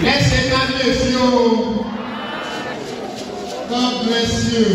Blessed Kábíyèsí you. God bless you.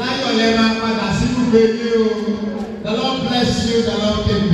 Láyọ̀ lè máa padà sínú gbèlè you. The Lord bless you, the Lord keep you.